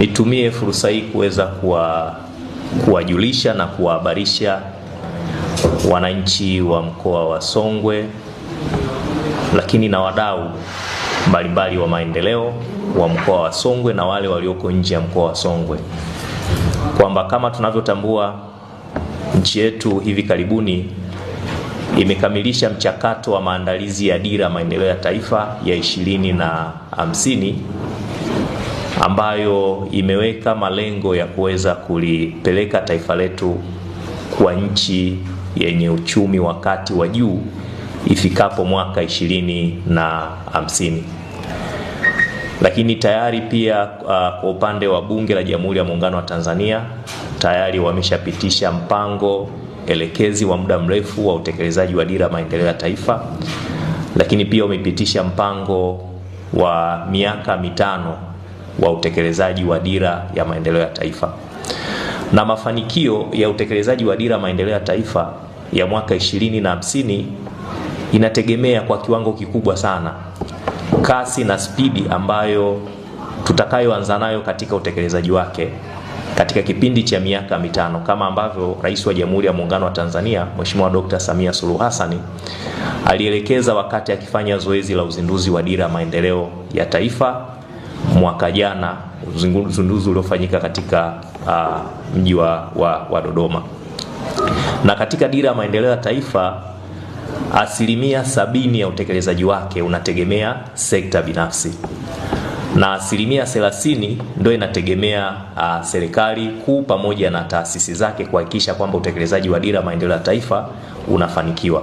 Nitumie fursa hii kuweza kuwa kuwajulisha na kuwahabarisha wananchi wa mkoa wa Songwe, lakini na wadau mbalimbali wa maendeleo wa mkoa wa Songwe na wale walioko nje ya mkoa wa Songwe kwamba kama tunavyotambua nchi yetu hivi karibuni imekamilisha mchakato wa maandalizi ya dira maendeleo ya taifa ya ishirini na hamsini ambayo imeweka malengo ya kuweza kulipeleka taifa letu kwa nchi yenye uchumi wa kati wa juu ifikapo mwaka ishirini na hamsini. Lakini tayari pia uh, kwa upande wa Bunge la Jamhuri ya Muungano wa Tanzania tayari wameshapitisha mpango elekezi wa muda mrefu wa utekelezaji wa Dira ya Maendeleo ya Taifa, lakini pia wamepitisha mpango wa miaka mitano wa utekelezaji wa dira ya maendeleo ya taifa na mafanikio ya utekelezaji wa dira ya maendeleo ya taifa ya mwaka ishirini na hamsini inategemea kwa kiwango kikubwa sana kasi na spidi ambayo tutakayoanza nayo katika utekelezaji wake katika kipindi cha miaka mitano kama ambavyo Rais wa Jamhuri ya Muungano wa Tanzania Mheshimiwa Dr. Samia Suluhu Hassan alielekeza wakati akifanya zoezi la uzinduzi wa dira ya maendeleo ya taifa mwaka jana, uzinduzi uliofanyika katika uh, mji wa, wa, wa Dodoma. Na katika dira ya maendeleo ya taifa asilimia sabini ya utekelezaji wake unategemea sekta binafsi na asilimia thelathini ndio inategemea uh, serikali kuu pamoja na taasisi zake kuhakikisha kwamba utekelezaji wa dira ya maendeleo ya taifa unafanikiwa.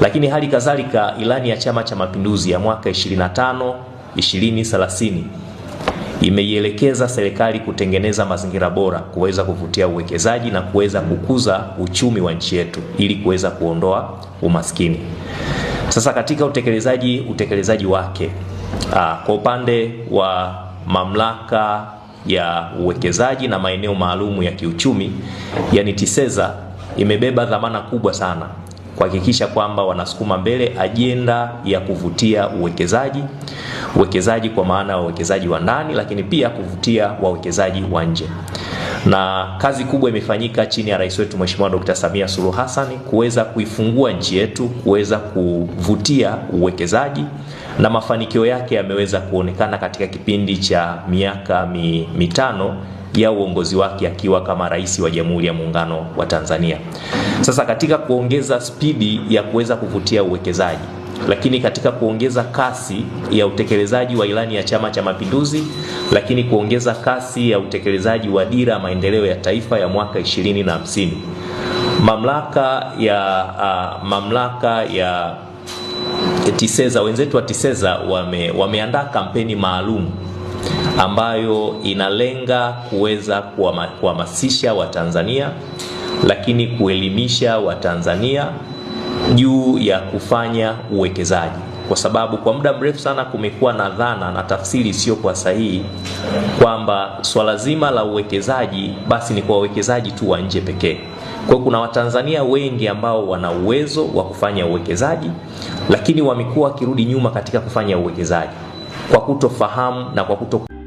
Lakini hali kadhalika, ilani ya Chama cha Mapinduzi ya mwaka 25 2030 imeielekeza serikali kutengeneza mazingira bora kuweza kuvutia uwekezaji na kuweza kukuza uchumi wa nchi yetu ili kuweza kuondoa umaskini. Sasa katika utekelezaji utekelezaji wake aa, ah, kwa upande wa mamlaka ya uwekezaji na maeneo maalumu ya kiuchumi, yani TISEZA imebeba dhamana kubwa sana kuhakikisha kwamba wanasukuma mbele ajenda ya kuvutia uwekezaji, uwekezaji kwa maana ya uwekezaji wa ndani, lakini pia kuvutia wawekezaji wa nje na kazi kubwa imefanyika chini ya rais wetu Mheshimiwa Dr. Samia Suluhu Hassan kuweza kuifungua nchi yetu kuweza kuvutia uwekezaji na mafanikio yake yameweza kuonekana katika kipindi cha miaka mitano ya uongozi wake akiwa kama rais wa Jamhuri ya Muungano wa Tanzania. Sasa katika kuongeza spidi ya kuweza kuvutia uwekezaji lakini katika kuongeza kasi ya utekelezaji wa ilani ya Chama cha Mapinduzi, lakini kuongeza kasi ya utekelezaji wa dira ya maendeleo ya taifa ya mwaka ishirini na hamsini mamlaka ya uh, mamlaka ya TISEZA wenzetu wa TISEZA wame, wameandaa kampeni maalum ambayo inalenga kuweza kuhamasisha Watanzania lakini kuelimisha Watanzania juu ya kufanya uwekezaji, kwa sababu kwa muda mrefu sana kumekuwa na dhana na tafsiri isiyokuwa sahihi kwamba swala zima la uwekezaji basi ni kwa wawekezaji tu wa nje pekee. Kwa hiyo kuna Watanzania wengi ambao wana uwezo wa kufanya uwekezaji, lakini wamekuwa wakirudi nyuma katika kufanya uwekezaji kwa kutofahamu na kwa kuto